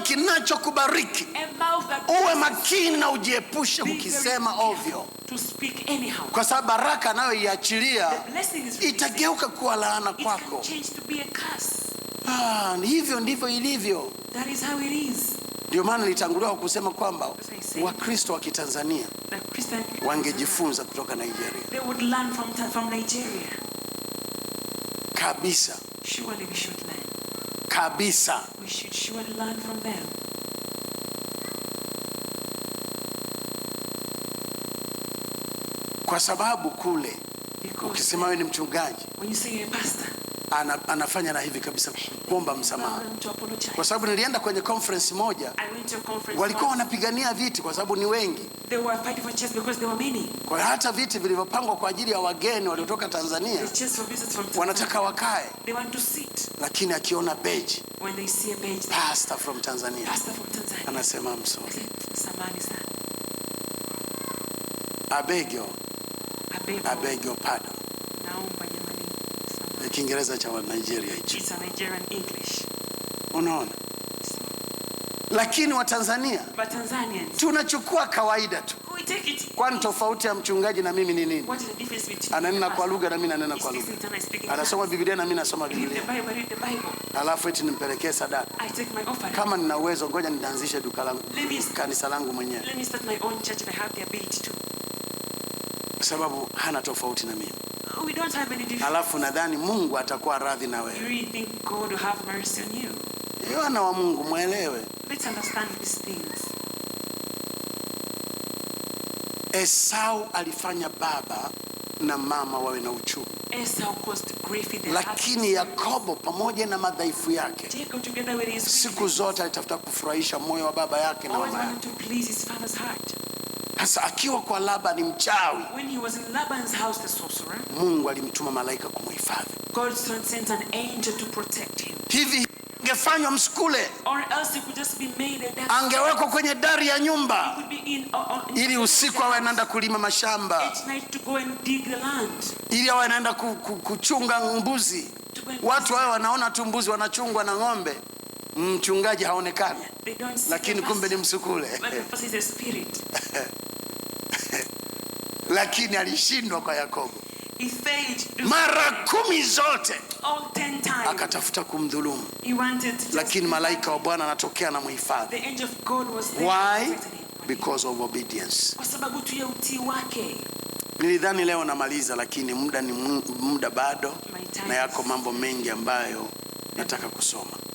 kinywa kinachokubariki. Uwe makini na ujiepushe kukisema ovyo, kwa sababu baraka anayoiachilia itageuka kuwa laana kwako. Ah, hivyo ndivyo ilivyo. Ndio maana nilitangulia kwa kusema kwamba Wakristo wa Kitanzania wangejifunza kutoka Nigeria. They would learn from, from Nigeria kabisa. Surely we should learn kabisa. We should sure learn from them. Kwa sababu kule Ukisema wewe ni mchungaji ana, anafanya na hivi kabisa kuomba msamaha, kwa sababu nilienda kwenye conference moja, walikuwa wanapigania viti kwa sababu ni wengi, kwa hata viti vilivyopangwa kwa ajili ya wageni waliotoka Tanzania wanataka wakae, lakini akiona beji pastor from Tanzania anasema msamaha, abegyo I beg your pardon. Naomba jamani. Ni Kiingereza cha Nigeria hicho. It's a Nigerian English. Unaona? Lakini Watanzania tunachukua kawaida tu. Kwani tofauti ya mchungaji na mimi ni nini? Ananena kwa lugha na mimi nanena kwa lugha. Anasoma Biblia na mimi nasoma Biblia. Alafu eti nimpelekee sadaka. Kama nina uwezo, ngoja nitaanzishe duka langu, kanisa langu mwenyewe kwa sababu hana tofauti na mimi. We don't have any difference. Alafu nadhani Mungu atakuwa radhi na wewe. You really think God will have mercy on you? Yohana wa Mungu mwelewe. Let's understand these things. Esau alifanya baba na mama wawe na uchungu. Esau caused grief in the house. lakini Yakobo pamoja na madhaifu yake Jacob, together with his siku zote alitafuta kufurahisha moyo wa baba yake na mama yake. Sasa akiwa kwa Labani mchawi, When he was in Laban's house, the sorcerer, Mungu alimtuma malaika kumhifadhi. God sent an angel to protect him. Hivi angefanywa msukule, angewekwa kwenye dari ya nyumba uh, uh, ili usiku awe anaenda kulima mashamba, ili awe anaenda kuchunga mbuzi. Watu hao wanaona tu mbuzi wanachungwa na ng'ombe, mchungaji haonekani, lakini kumbe ni msukule. lakini alishindwa kwa Yakobo mara kumi zote akatafuta kumdhulumu, lakini malaika wa Bwana anatokea na mhifadhi. Why? Because of obedience. Kwa sababu tu ya utii wake. Nilidhani leo namaliza, lakini muda ni muda bado, na yako mambo mengi ambayo nataka kusoma.